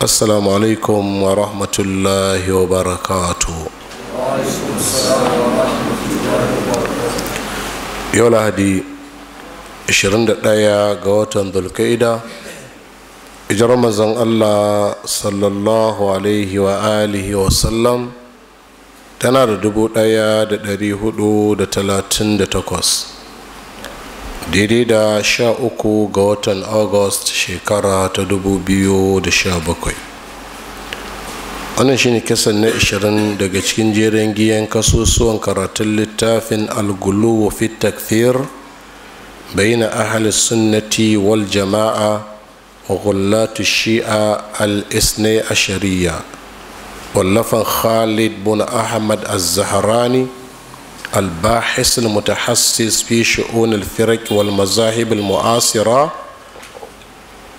assalamu alaikum wa rahmatullahi wa barakatu yau lahadi ɗaya ga watan dulkaida ijar mazan allah sallallahu alaihi wa alihi wa sallam tana da da talatin 1438 daidai da sha uku ga watan august shekara ta dubu biyu da sha bakwai wannan shine kisan na 20 daga cikin jerin giyan kasusuwan karatun littafin algulu wa fit takfir bayna ahli sunnati wal jama'a wa ghullatu shi'a al a ashariya wallafan khalid bin ahmad az-zahrani الباحث المتحسس في شؤون الفرق والمذاهب المعاصرة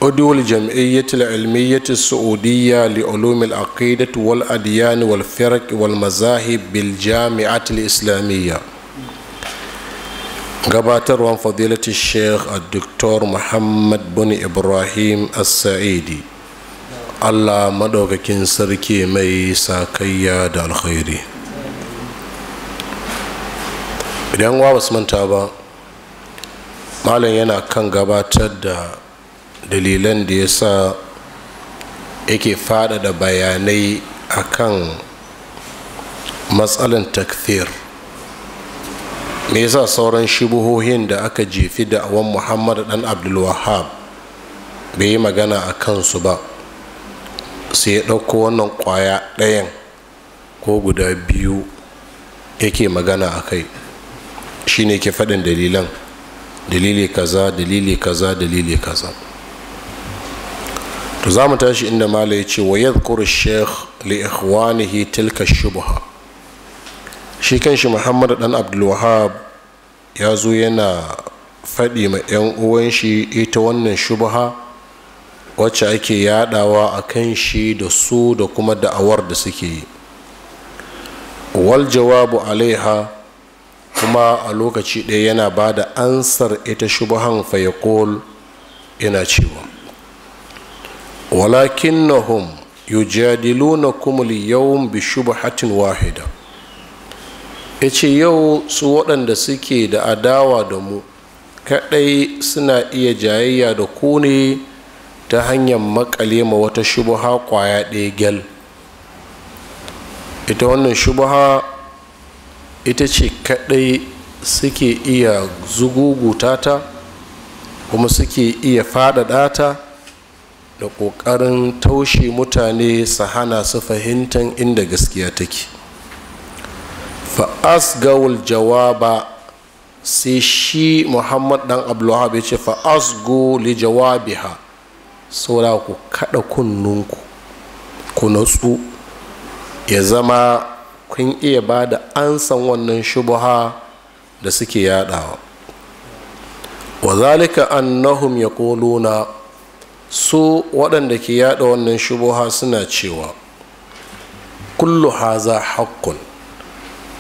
أدو الجمعية العلمية السعودية لعلوم العقيدة والأديان والفرق والمذاهب بالجامعة الإسلامية قباتر فضيلة الشيخ الدكتور محمد بن إبراهيم السعيدي الله مدوك سركي مي ساكيا الخيري idan wa basu manta ba malam yana kan gabatar da dalilan da ya sa yake faɗaɗa bayanai a kan matsalan takfir me yasa sauran shibuhohin da aka jefi da awon muhammad dan abdulwahab bai yi magana a kansu ba sai ya ɗauko wannan kwaya ɗayan ko guda biyu yake magana a kai shine ke faɗin dalilan dalili kaza dalili kaza dalili kaza to za mu tashi inda mala ya ce wa yadhkuru sheikh li ikhwanihi tilka shubha shi kanshi muhammad dan abdulwahab ya zo yana faɗi ma 'yan uwan shi ita wannan shubha wacce ake yaɗawa a kan shi da su da kuma da'awar da suke yi wal jawabu alaiha kuma a lokaci ɗaya yana ba da ansar ita shubuhan fayakol yana cewa Walakin walakinnahum na kumuli yawon bi shubhatin wahida Ya ce yau su waɗanda suke da adawa da mu kaɗai suna iya jayayya da ku ne ta hanyar makale ma wata shubuha ƙwaya ɗaya gyal ita wannan shubuha ita ce kadai suke iya zuguguta ta kuma suke iya faɗaɗa ta da ƙoƙarin taushe mutane su hana su fahimtar inda gaskiya take fa'asgawul jawaba sai shi muhammad dan abdullahab ya ce fa'asgo li jawabiha saura ku kada kunnunku ku natsu ya zama kun iya ba da ansan wannan shubuha da suke yadawa wa zalika annahum yaquluna su waɗanda ke yada wannan shubuha suna cewa kullu haza haqqun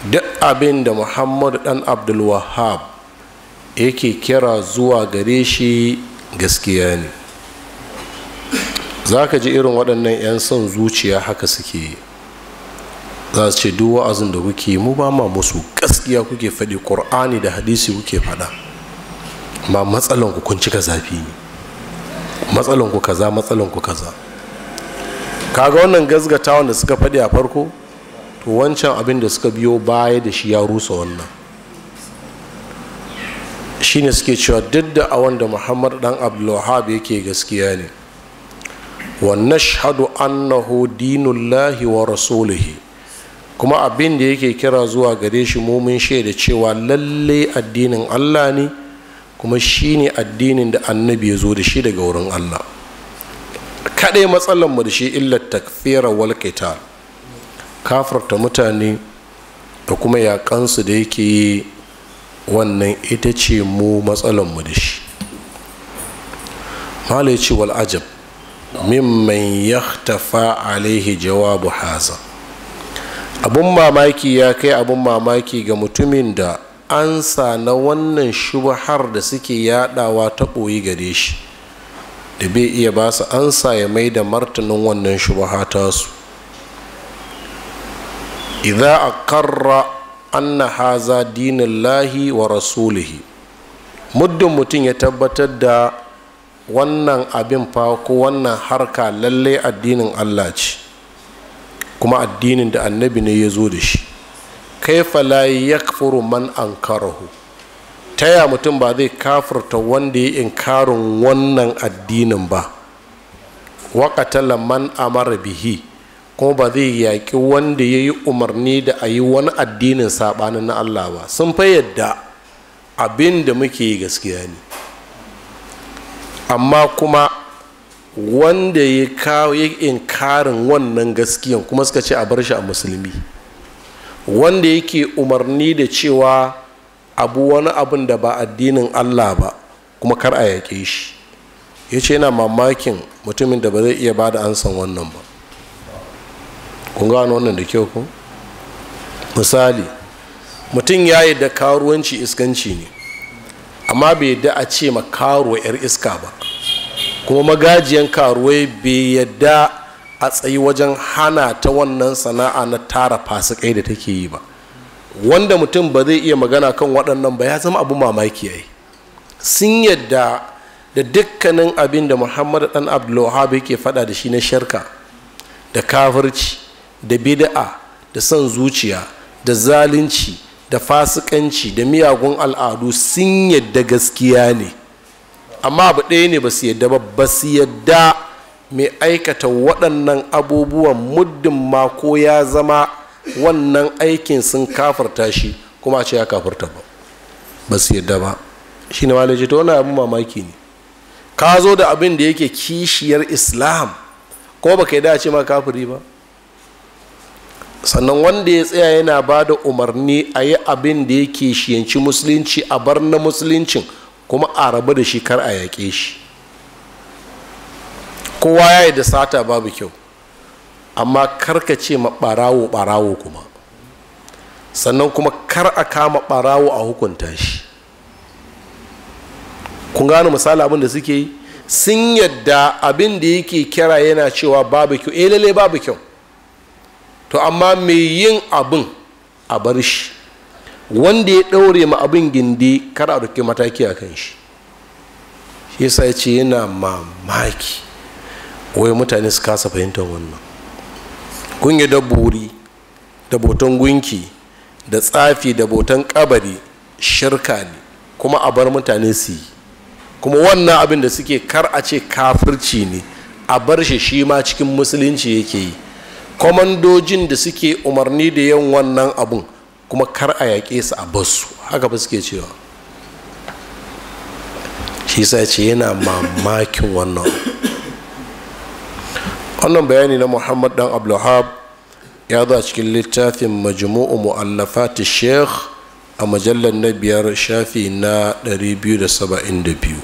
duk abin da muhammadu dan abdulwahab yake kira zuwa gare shi gaskiya ne za ka ji irin waɗannan 'yan son zuciya haka suke yi za su ce duk wa'azin da kuke mu ba ma musu gaskiya kuke faɗi ƙur'ani da hadisi kuke faɗa ma matsalan ku kun cika zafi ne matsalan ku kaza matsalan ku kaza kaga wannan gazgatawan da suka faɗi a farko to wancan abin da suka biyo baya da shi ya rusa wannan shine suke cewa duk da a wanda muhammad dan abdulwahab yake gaskiya ne wa nashhadu annahu dinullahi wa rasulihi kuma abin da yake kira zuwa gare shi mumin shaida cewa lalle addinin allah ne kuma shi ne addinin da annabi ya zo da shi daga wurin allah kaɗai mu da shi illar takfira wal kafarta mutane da kuma yaƙansu da yake yi wannan ita ce mu mu da shi malai ce wal ajab mimman yahtafa alaihi jawabu hazan abun mamaki ya kai abun mamaki ga mutumin da an sa na wannan shubahar da suke yadawa ta ɓoyi gare shi da bai iya ba su an sa ya mai da martanin wannan shubaha tasu idza a anna haza lahi wa rasulihi muddin mutum ya tabbatar da wannan abin fa ko wannan harka lallai addinin Allah ce kuma addinin da annabi ne ya zo da shi kaifa la yakfuru man ankarahu taya mutum ba zai kafurta wanda ya inkarin wannan addinin ba waƙatala man amara bihi kuma ba zai yaƙi wanda ya yi umarni da a yi wani addinin saɓanin na Allah ba sun fa yadda abin da muke yi gaskiya ne amma kuma wanda ya kawo ya inkarin wannan gaskiyan kuma suka ce a bar shi a musulmi wanda yake umarni da cewa abu wani abin da ba addinin allah ba kuma kar a yaƙe shi ya ce yana mamakin mutumin da ba zai iya ba da ansan wannan ba kun wannan da kyau ku misali mutum ya yi da karuwanci iskanci ne amma bai da a ce ma karuwa 'yar iska ba kuma magajiyan karuwai bai yadda a tsayi wajen hana ta wannan sana'a na tara fasikai da take yi ba wanda mutum ba zai iya magana kan waɗannan ba ya zama abu mamaki yi sun yadda da dukkanin abin da muhammadu dan abdullahi yake faɗa da shi na sharka da kafirci da bida'a da son zuciya da zalunci da fasikanci da miyagun al'adu sun yadda gaskiya ne amma abu ɗaya ne ba su yadda ba ba su yadda mai aikata waɗannan abubuwan muddin ma ko ya zama wannan aikin sun kafarta shi kuma a ce ya kafarta ba ba su yadda ba shi ne malaji ta wani abin mamaki ne ka zo da abin da yake kishiyar islam ko ba ka yi dace ma kafiri ba sannan wanda ya tsaya yana ba da umarni a yi abin da ya shiyanci musulunci a bar na musuluncin kuma a rabu da shi kar a yaƙe shi kowa ya yi da sata babu kyau amma karka ce ma ɓarawo ɓarawo kuma sannan kuma kar a kama ɓarawo a hukunta shi kun gane misali abin da suke yi sun yadda abin da yake kira yana cewa babu kyau eh lalle babu kyau to amma mai yin abin a bar shi wanda ya ɗaure ma abin gindi kar a ɗauki mataki a kan shi shi yasa ya ce yana mamaki wai mutane su kasa fahimtar wannan kun yi dabbori da boton gunki da tsafi da botan kabari shirka ne kuma a bar mutane su yi kuma wannan abin da suke kar a ce kafirci ne a bar shi shi ma cikin musulunci yake yi kwamandojin da suke umarni da yin wannan abun kuma kar a yaƙe su a basu haka ba suke cewa shi sa ce yana mamakin wannan wannan bayani na muhammad dan abdulhab ya zo a cikin littafin majmu'u mu'allafati sheikh a mujallar na biyar shafi na 272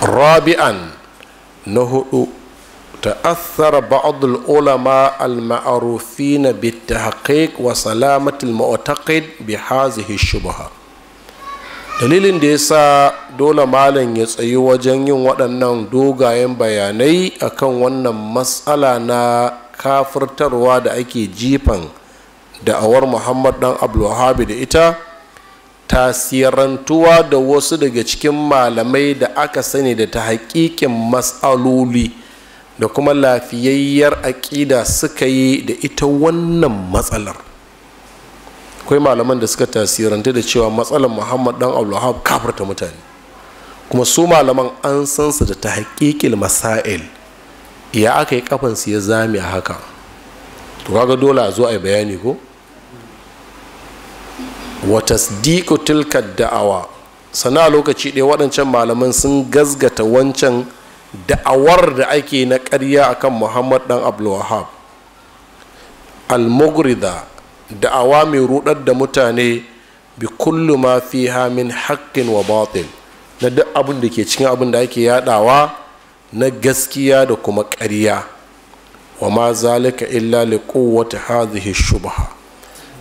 rabi'an na hudu وتأثر بعض العلماء المعروفين بالتحقيق وسلامة المعتقد بهذه الشبهة dalilin da ya sa dole malam ya tsayi wajen yin waɗannan dogayen bayanai akan wannan matsala na kafirtarwa da ake jifan da'awar muhammad dan abdulhabi da ita tasirantuwa da wasu daga cikin malamai da aka sani da ta haƙiƙin matsaloli da kuma lafiyayyar aƙida suka yi da ita wannan matsalar akwai malaman da suka tasiranta da cewa matsalar muhammad dan abdullahab kafarta mutane kuma su malaman an san su da ta haƙiƙil masail ya aka yi kafansu ya zami a haka to kaga dole a zo a yi bayani ko wa tasdiqu tilka da'awa sana lokaci ɗaya waɗancan malaman sun gazgata wancan da'awar da ake na ƙarya kan muhammad dan abdulwahab al mugrida da'awa mai rudar da mutane bi kullu ma fi min haƙƙin wa batil na duk abin da ke cikin abin da ake yadawa na gaskiya da kuma ƙarya wa ma zalika illa li quwwati hadhihi shubha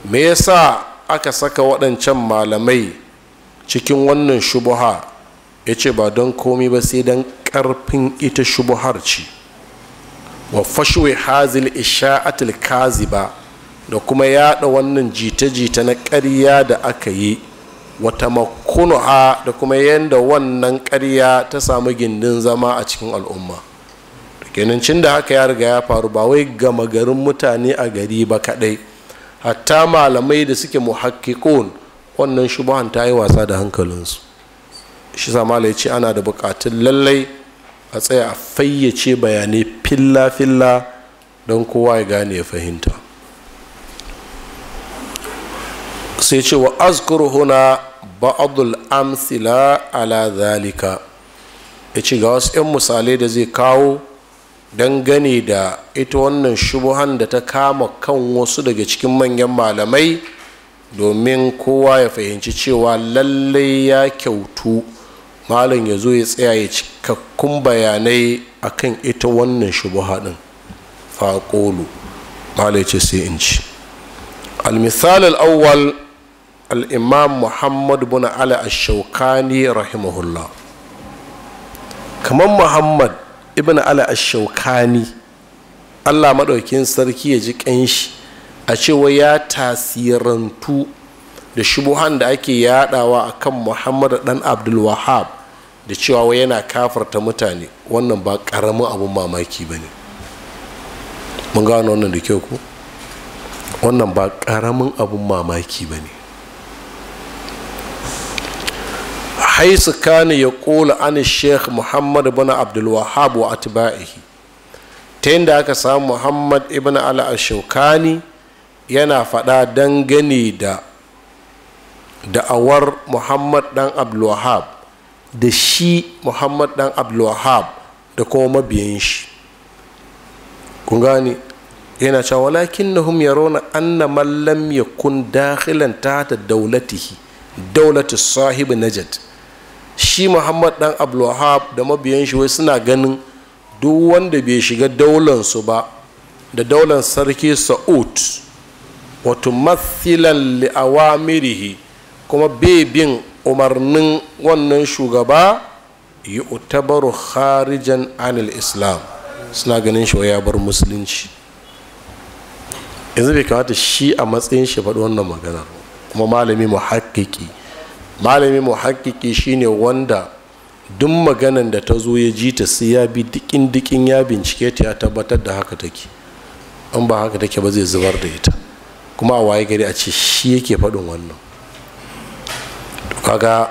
me yasa aka saka waɗancan malamai cikin wannan shubha yace ba don komai ba sai don karfin ita shubuhar ce wa fashwe hazil isha'atul kaziba da kuma yada wannan jita-jita na ƙarya da aka yi wata makunuha da kuma yadda wannan ƙarya ta samu gindin zama a cikin al'umma kenancin da haka ya riga ya faru ba wai gama garin mutane a gari ba kadai hatta malamai da suke muhakkikun wannan shubuhan ta yi wasa da hankalinsu shi sa ya ce ana da bukatun lallai a tsaya a fayyace bayanai filla-filla don kowa ya gane ya fahimta sai ce wa azkuru huna ba'adul amsila ala zalika ya ci ga wasu 'yan misalai da zai kawo don dangane da ita wannan shubuhan da ta kama kan wasu daga cikin manyan malamai domin kowa ya fahimci cewa lallai ya kyautu malam ya zo ya tsaya ya cikakkun bayanai akan ita wannan shubuha din faƙolu malai ce sai in ci al awwal al-imam muhammad bin ala ash-shawkani rahimahullah kamar muhammad ibn ala ashaukani allah maɗaukin sarki ya ji ƙanshi a cewa ya tasirantu da shubuhan da ake yadawa akan muhammad dan abdul wahab da cewa wai yana kafarta mutane wannan ba karamin abin mamaki ba ne mun gano wannan da kyau ku wannan ba karamin abin mamaki ba ne haisu ya kola an sheikh muhammad bin abdulwahab wa atba'ihi ta yadda aka samu muhammad ibn al-ashokani yana faɗa dangane da da'awar muhammad dan abdulwahab da shi muhammad dan abdulwahab da kuma mabiyan shi kun gane yana cewa walakin na hum yarona anna mallam ya kun dakhilan tata daulatihi daulati sahib najat shi muhammad dan abdulwahab da mabiyan shi wai suna ganin duk wanda bai shiga su ba da daular sarki sa'ud wato mathilan li'awamirihi kuma bebin umarnin wannan shugaba yi utabaru harijan anil islam suna ganin shi ya bar musulunci yanzu bai kamata shi a matsayin shi faɗi wannan magana kuma malami mu haƙiƙi malami mu haƙiƙi shine wanda duk maganan da ta zo ya ji ta sai ya bi dikin dikin ya bincike ta ya tabbatar da haka take in ba haka take ba zai zubar da ita kuma a waye gari a ce shi yake faɗin wannan kaga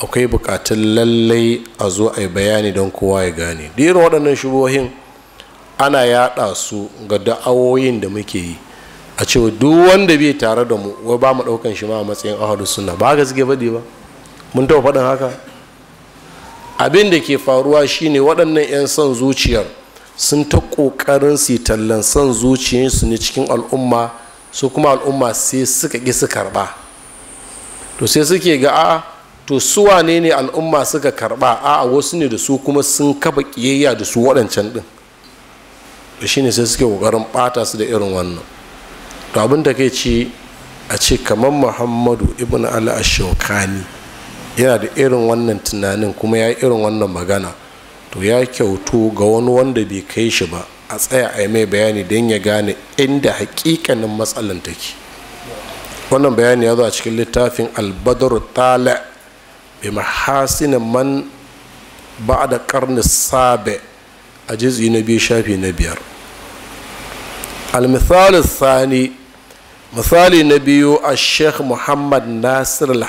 akwai bukatun lallai a zo a yi bayani don kowa ya gane da irin waɗannan shubohin ana yaɗa su ga da'awoyin da muke yi a cewa duk wanda bai tare da mu wai ba mu ɗaukan shi ma a matsayin ahadu suna ba ga suke faɗi ba mun taɓa faɗin haka abin da ke faruwa shine waɗannan 'yan son zuciyar sun ta ƙoƙarin su tallan son zuciyarsu ne cikin al'umma su kuma al'umma sai suka ƙi su karɓa to sai suke ga a'a to su wane ne al'umma suka karba a wasu ne da su kuma sun kafa kiyayya da su waɗancan ɗin to shine sai suke ƙoƙarin ɓata su da irin wannan to abin da kai ci a ce kamar muhammadu ibn ali ashokani yana da irin wannan tunanin kuma ya irin wannan magana to ya kyautu ga wani wanda bai kai shi ba a tsaya a yi mai bayani don ya gane inda hakikanin matsalan take wannan bayani ya zo a cikin littafin albadaru tala bi mahasinin man ba da karni sabe a jizi na biyu shafi na biyar almithalu sani misali na biyu a sheikh muhammad nasir al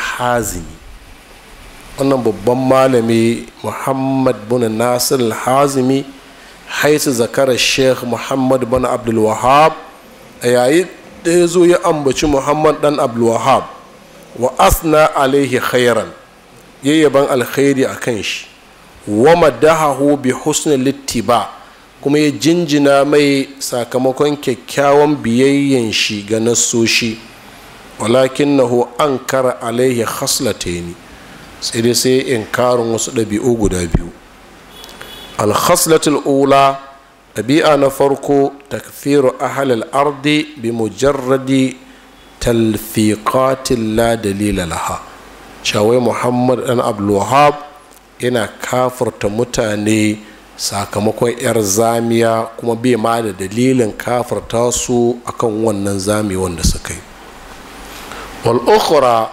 wannan babban malami muhammad bin nasir al haisu zakara sheikh muhammad bin abdulwahab a yayi ya zo ya ambaci muhammad dan abdulwahab wa asna alaihi khairan ya yaban alkhairi a kan shi wa madahahu bi husnul littiba kuma ya jinjina mai sakamakon kyakkyawan biyayyen shi ga nassoshi walakin na hu an kara alaihi khaslataini sai dai sai inkarin wasu ɗabi'u guda biyu alkhaslatul ula ɗabi'a na farko takfiru ahalil ardi bi mujarradi talfiqatin la dalila laha shawai muhammad dan abdulwahab yana kafarta mutane sakamakon 'yar zamiya kuma bai ma da dalilin kafarta su akan wannan zami wanda suka yi wal'ukura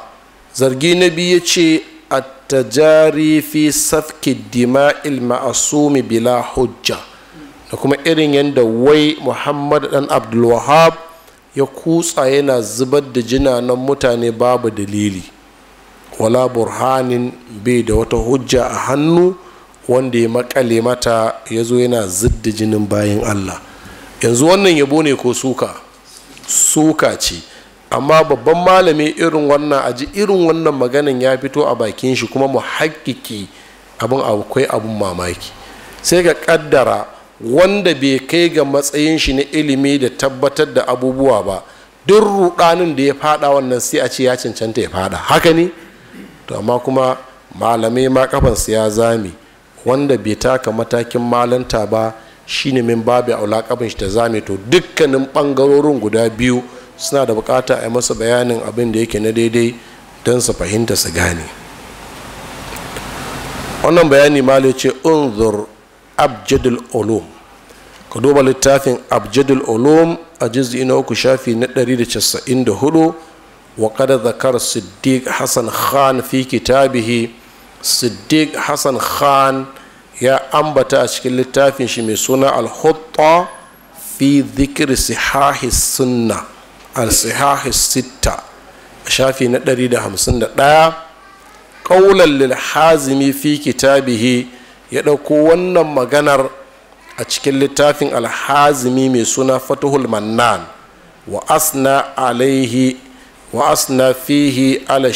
zargi na biyu ya ce a tajari fi safki dima'il ma'asumi bila hujja da kuma irin yadda wai muhammad dan abdulwahab ya kutsa yana zubar da jinanan mutane babu dalili wala burhanin bai da wata hujja a hannu wanda ya makale mata ya zo yana zidda jinin bayan allah yanzu wannan yabo ne ko suka suka ce amma babban malami irin wannan aji irin wannan maganin ya fito a bakin shi kuma mu haƙƙiƙi abin akwai abin mamaki sai ka ƙaddara wanda bai kai ga matsayin shi na ilimi da tabbatar da abubuwa ba duk rudanin da ya fada wannan sai a ce ya cancanta ya fada haka ne to amma kuma malamai ma kafansu ya zame wanda bai taka matakin malanta ba shine min babu aula kafin shi ta zami to dukkanin ɓangarorin guda biyu suna da bukata a yi masa bayanin abin da yake na daidai don su fahimta su gane wannan bayani ma ce unzur abjadul ulum ka duba littafin abjadul ulum a juz'i na uku shafi na da da casa'in hudu wa qad zakar siddiq hasan khan fi kitabihi siddiq hasan khan ya ambata a cikin littafin shi mai suna al-hutta fi dhikr sihahi sunna al-sihahi sitta shafi na da hamsin 151 qawlan lil hazimi fi kitabihi ya ɗauko wannan maganar a cikin littafin alhazimi mai suna fatuhul mannan wa asna alaihi wa asna fihi ala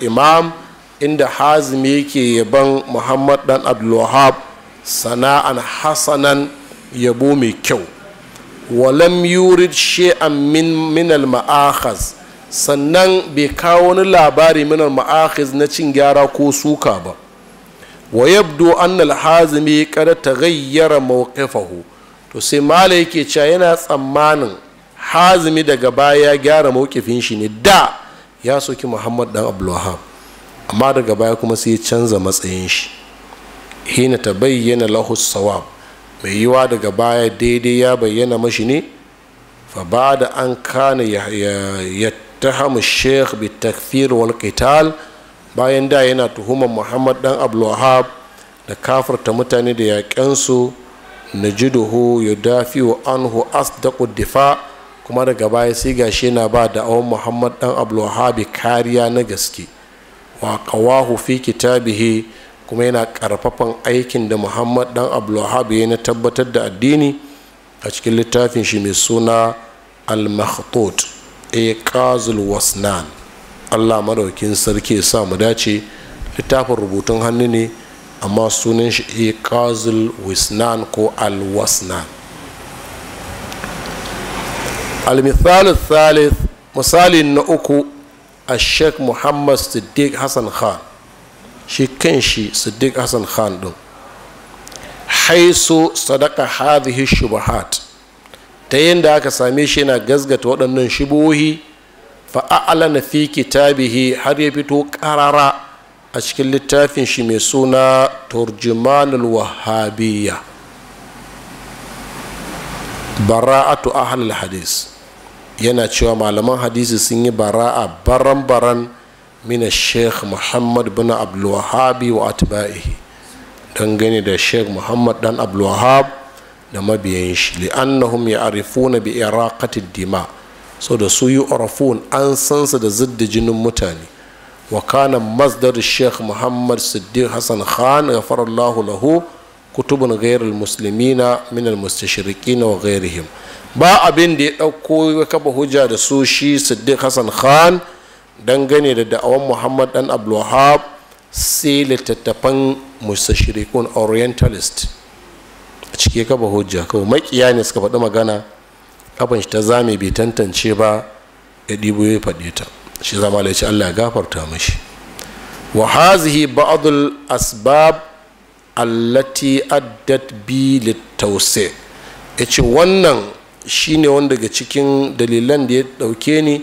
imam inda hazimi yake yaban muhammad dan abdulwahab sana'an hasanan yabo mai kyau walam yurid she'an min minal ma'akhaz sannan bai kawo wani labari minal ma'akhaz na cin gyara ko suka ba wa أن annal hazimi kada موقفه to sai mala yake cewa yana tsammanin hazimi daga baya ya gyara maukifin shi ne da ya soki muhammad dan abdulwahab amma daga baya kuma sai ya canza matsayin shi hina ta lahus sawab mai yiwa daga baya daidai ya bayyana mashi ne fa ba da an kana ya hamu sheikh bi takfir wal qital bayan da yana tuhumar muhammad dan abdulwahab da kafarta mutane da yaƙensu na jiduhu ya dafi wa anhu asdaqu difa kuma daga baya sai gashi yana ba da awon muhammad dan abdulwahab kariya na gaske wa qawahu fi kitabihi kuma yana ƙarfafan aikin da muhammad dan abdulwahab ya na tabbatar da addini a cikin littafin shi mai suna al-makhtut eh, wasnan allah maraukin sarki sa mu dace littafin rubutun hannu ne amma sunan shi ikazul wisnan ko alwasnan al-mithal thalith misali na uku a sheikh muhammad siddiq hassan khan shi kan shi siddiq hassan khan ɗin haisu sadaka hadhihi shubahat ta yin da aka same shi na gazgata waɗannan shubuhi fa'a'alana fi kitabihi har ya fito ƙarara a cikin littafin shi mai suna turjimanul wahabiyya bara'atu ahlul hadis yana cewa malaman hadisi sun yi bara'a baran-baran mina sheikh muhammad bin abdulwahabi wa atba'ihi dangane da sheikh muhammad dan abdulwahab da mabiyan shi li'annahum ya arifuna bi iraqatid dima' so da su orafun an san su da zidda jinin mutane wa kana masdar sheikh muhammad siddiq hassan khan ghafarallahu lahu kutubun ghairul muslimina min mustashiriki na wa gairihim ba abin da ya ɗauko ya kaba hujja da su shi siddiq hassan khan dangane da da'awan muhammad dan abdulwahab sai littattafan mustashriqun orientalist a cike kaba hujja kawai makiya ne suka faɗi magana abin shi ta zame bai tantance ba ya ɗibo ya faɗe ta shi zama da ci allah ya gafarta mashi wa hazihi ba'adul asbab allati addat bi littause ya ce wannan shine wanda daga cikin dalilan da ya ɗauke ni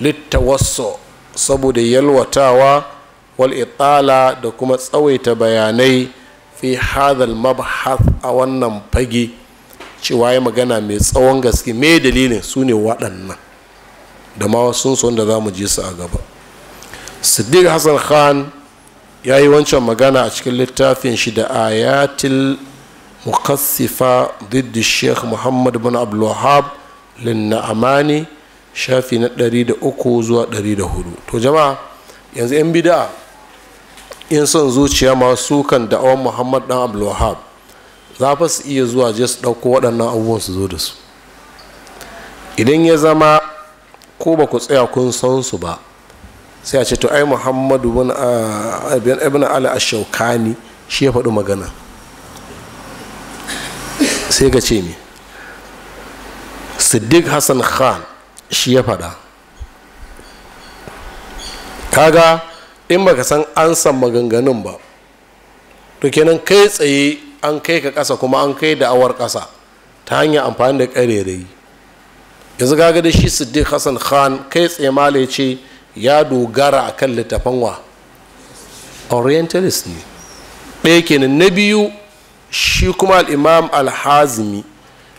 littawasso saboda yalwatawa wal itala da kuma tsawaita bayanai fi hadal mabhath a wannan fage cewa ya magana mai tsawon gaske me dalilin su ne waɗannan da ma sun son da za mu je su a gaba siddiq hassan khan ya yi wancan magana a cikin littafin shi da ayatul mukassifa diddi sheikh muhammad bin abdulwahab linna'amani shafi na ɗari da uku zuwa ɗari da hudu to jama'a yanzu 'yan bida'a in son zuciya masu kan da'awar muhammad dan abdulwahab za fa su iya zuwa je su ɗauko waɗannan abubuwan su zo da su idan ya zama ko ba ku tsaya kun san su ba sai a ce to ai muhammadu bin ibn ali ashaukani shi ya faɗi magana sai ga ce me siddiq hassan khan shi ya faɗa kaga in baka san an san maganganun ba to kenan kai tsaye an kai ka ƙasa kuma an kai da awar ƙasa ta hanyar amfani da ƙarerayi yanzu gaga da shi siddiq hassan khan kai ya ce ya dogara a kan littafan wa orientalist ne ɗaya kenan na biyu shi kuma al'imam alhazimi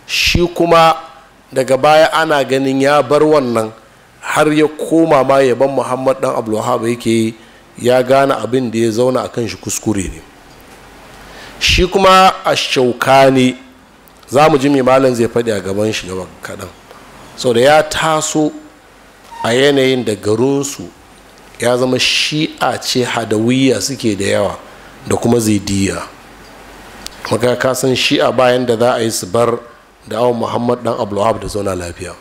shi kuma daga baya ana ganin ya bar wannan har ya koma ma yaban muhammad dan abdulwahab yake ya gane abin da ya zauna a kan shi kuskure ne shi kuma a ne za mu ji malam zai faɗi a gaban shi gaban kaɗan sau da ya taso a yanayin da garinsu ya zama shi'a ce hadawiyya suke da yawa da kuma zidiyya maka ka san shi'a bayan da za a yi su bar da awon muhammad dan abdullahab da zauna lafiya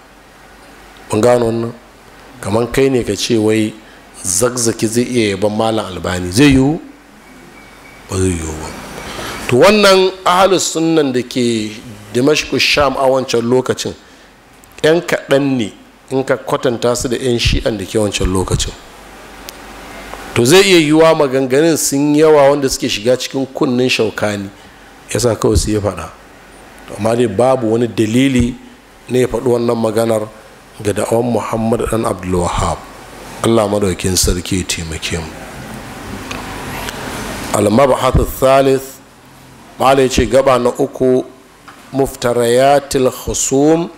mun gano wannan kamar kai ne ka ce wai zagzaki zai iya yaban malam albani zai yiwu ba zai yiwu ba to wannan ahalus sunan da ke dimashku sham a wancan lokacin 'yan kaɗan ne in ka kwatanta su da 'yan shi'an da ke wancan lokacin to zai iya yiwuwa maganganun sun yawa wanda suke shiga cikin kunnen shaukani sa kawai su ya faɗa amma dai babu wani dalili ne ya faɗi wannan maganar ga da'awan muhammad dan abdulwahab allah madaukin sarki ya taimake mu al salis. thalith malai ce gaba na uku muftarayatil khusum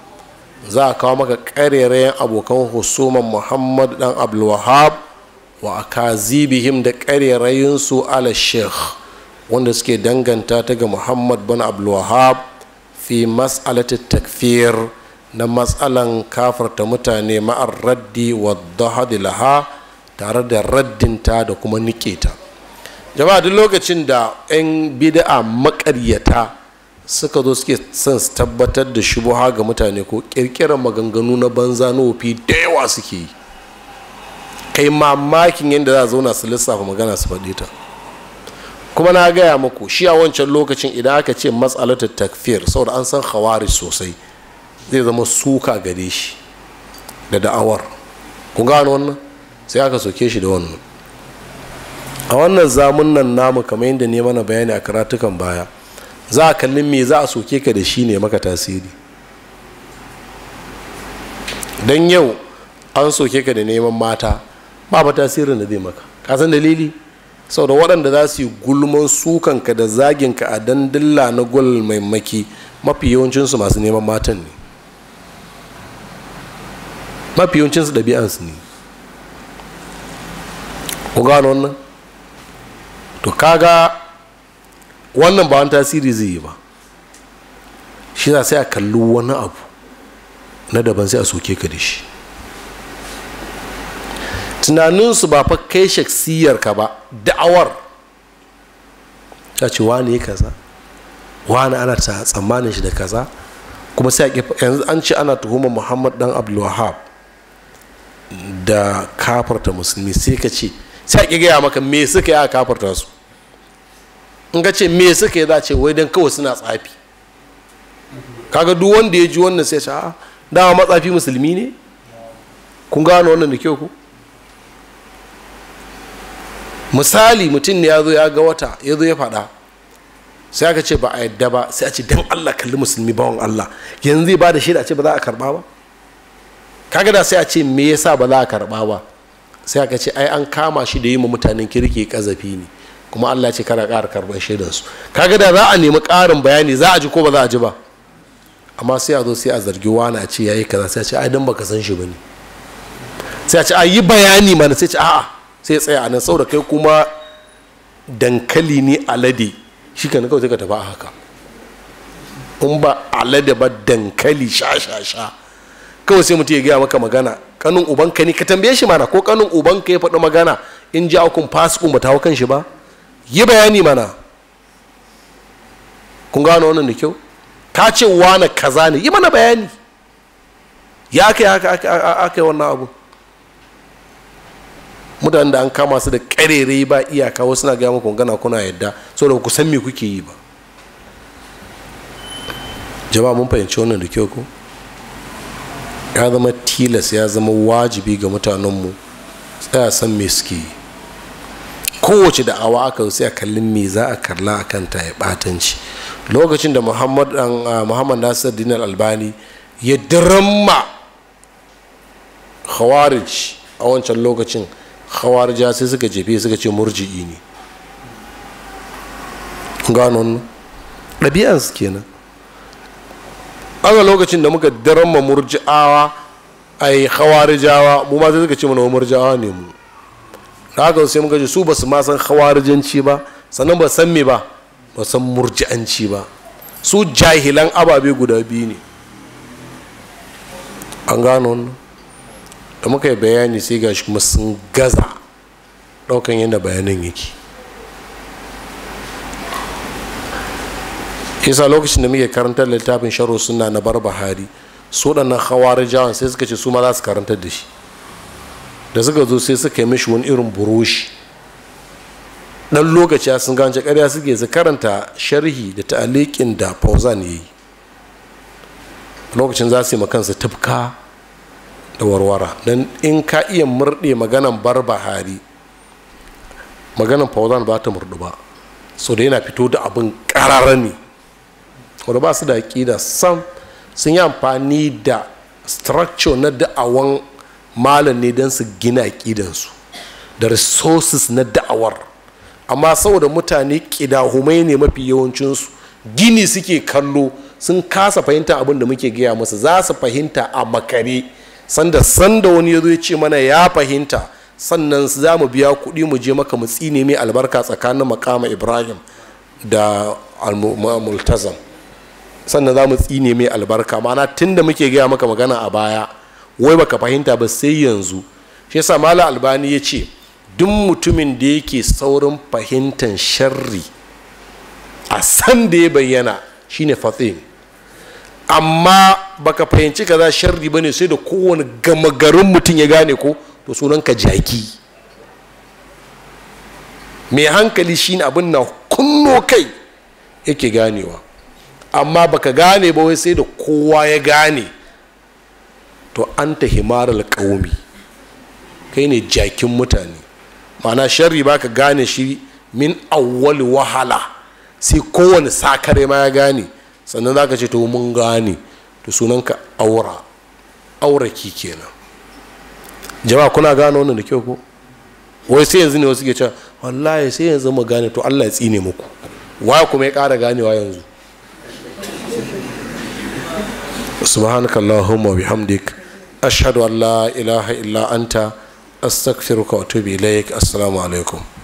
za a kawo maka ƙarerayen abokan husuman muhammad dan abdulwahab wa akazibihim da ƙarerayinsu ala sheikh wanda suke danganta ta ga muhammad bin abdulwahab fi mas'alatin takfir na matsalan kafarta mutane ma'ar raddi wa laha tare da raddinta da kuma niketa jama'a duk lokacin da 'yan bida'a makaryata suka zo suke son su tabbatar da shubuha ga mutane ko kirkirar maganganu na banza na wofi da yawa suke yi kai mamakin yadda za a zauna su lissafa magana su faɗi ta kuma na gaya muku shi a wancan lokacin idan aka ce matsalatar takfir saboda an san hawari sosai zai zama suka gare shi da da'awar ku gano wannan sai aka soke shi da wannan a wannan zamun nan namu kamar yadda ne mana bayani a karatukan baya za a kalli me za a soke ka da shi ne maka tasiri don yau an soke ka da neman mata ba ba tasirin da zai maka kasan dalili sau da waɗanda za su yi gulman sukanka da zaginka a dandilla na gul maimaki mafi yawancinsu masu neman matan ne mafi yawancinsu ɗabi'ansu ne ku gano wannan to kaga wannan ba wani tasiri zai yi ba shi za sai a kalli wani abu na daban sai a soke ka da shi tunaninsu ba fa kai shaksiyar ka ba da'awar ta ce wani ya kaza wani ana ta tsammanin shi da kaza kuma sai yanzu an ce ana tuhumar muhammad dan abdulwahab da kafarta musulmi sai ka ce sai a gaya maka me suka yi a kafarta su in ka ce me suka yi za ce wai don kawai suna tsafi kaga duk wanda ya ji wannan sai ce a dama matsafi musulmi ne kun gano wannan da kyau ku misali mutum ne ya zo ya ga wata ya zo ya faɗa sai aka ce ba a yadda ba sai a ce don allah kalli musulmi bawan allah yanzu zai ba da shaida a ce ba za a karba ba kaga da sai a ce me yasa ba za a karba ba sai aka ce ai an kama shi da yi ma mutanen kirki kazafi ne kuma allah ce kana ƙara karɓar shaidansu kaga da za a nemi ƙarin bayani za a ji ko ba za a ji ba amma sai a zo sai a zargi wani a ce yayi kaza sai a ce ai dan baka san shi bane sai a ce ai yi bayani mana sai a ce a'a sai tsaya a nan saboda kai kuma dankali ne alade shi kan kawai sai ka tafi a haka in ba alade ba dankali sha sha sha kawai sai mutum ya gaya maka magana kanin ubanka ne ka tambaye shi mana ko kanin ubanka ya faɗi magana in ji akun fasikun ba ta hau kan shi ba yi bayani mana kun gano wannan da kyau ka ce wane kaza ne yi mana bayani ya aka yi aka yi wannan abu mutanen da an kama su da karerai ba iyaka wasu na gaya muku gana kuna yadda saboda ku san me kuke yi ba jama'a mun fahimci wannan da kyau ko ya zama tilas ya zama wajibi ga mutanenmu tsaya san me suke yi kowace da awa aka sai a kallin me za a karla a kanta ya batanci lokacin da muhammad muhammad nasir dinar albani ya diramma khawarij a wancan lokacin khawarija sai suka jefe suka ce murji'i ne gano su kenan aga lokacin da muka diramma murji'awa ai khawarijawa mu ma sai suka ce mana murji'awa ne mu haka sai muka ji su ba su ma san khawarijanci ba sannan ba san me ba ba san murji'anci ba su jahilan ababe guda biyu ne an gano wannan da muka yi bayani sai gashi kuma sun gaza daukan yadda bayanan yake isa lokacin da muke karantar littafin sharo suna na bar bahari su waɗannan hawarijawan sai suka ce su ma za su karantar da shi da suka zo sai suka yi mishi wani irin buroshi ɗan lokaci sun gance karya suke su karanta sharhi da ta'aliƙin da fauzan ya yi lokacin za su yi kansu tifka da warwara don in ka iya murɗe maganan barbahari maganan fauzan ba ta murɗu ba so da yana fito da abin ƙarara ne wadda ba su da aƙida sam sun yi amfani da structure na da'awan malam ne don su gina ƙidansu da resources na da'awar amma saboda mutane ƙidahumai ne mafi yawancinsu gini suke kallo sun kasa fahimta abin da muke gaya masa za su fahimta a makare sanda sanda wani ya zo ya ce mana ya fahimta sannan za mu biya kuɗi mu je maka mu tsine mai albarka tsakanin makama ibrahim da multazam sannan za mu tsine mai albarka ma'ana tun da muke gaya maka magana a baya wai baka fahimta ba sai yanzu shi yasa mala albani ya ce duk mutumin da yake saurin fahimtar sharri a san da ya bayyana shine fatsin amma baka fahimci ka kaza sharri bane sai da kowane gama garin mutum ya gane ko to sunan ka jaki mai hankali shine abin na kunno kai yake ganewa amma baka gane ba wai sai da kowa ya gane to an ta himaral ƙaumi kai ne jakin mutane mana sharri ba ka gane shi min awwal wahala sai kowane sakare ma ya gane sannan za ka ce to mun gane to sunanka aura aura ki kenan jama'a kuna gane wannan da kyau ko wai sai yanzu ne wasu ke cewa wallahi sai yanzu mu gane to allah ya tsine muku wa kuma ya ƙara ganewa yanzu subhanakallahumma bihamdika ashhadu an la ilaha illa anta astaghfiruka wa atubu ilaik assalamu alaikum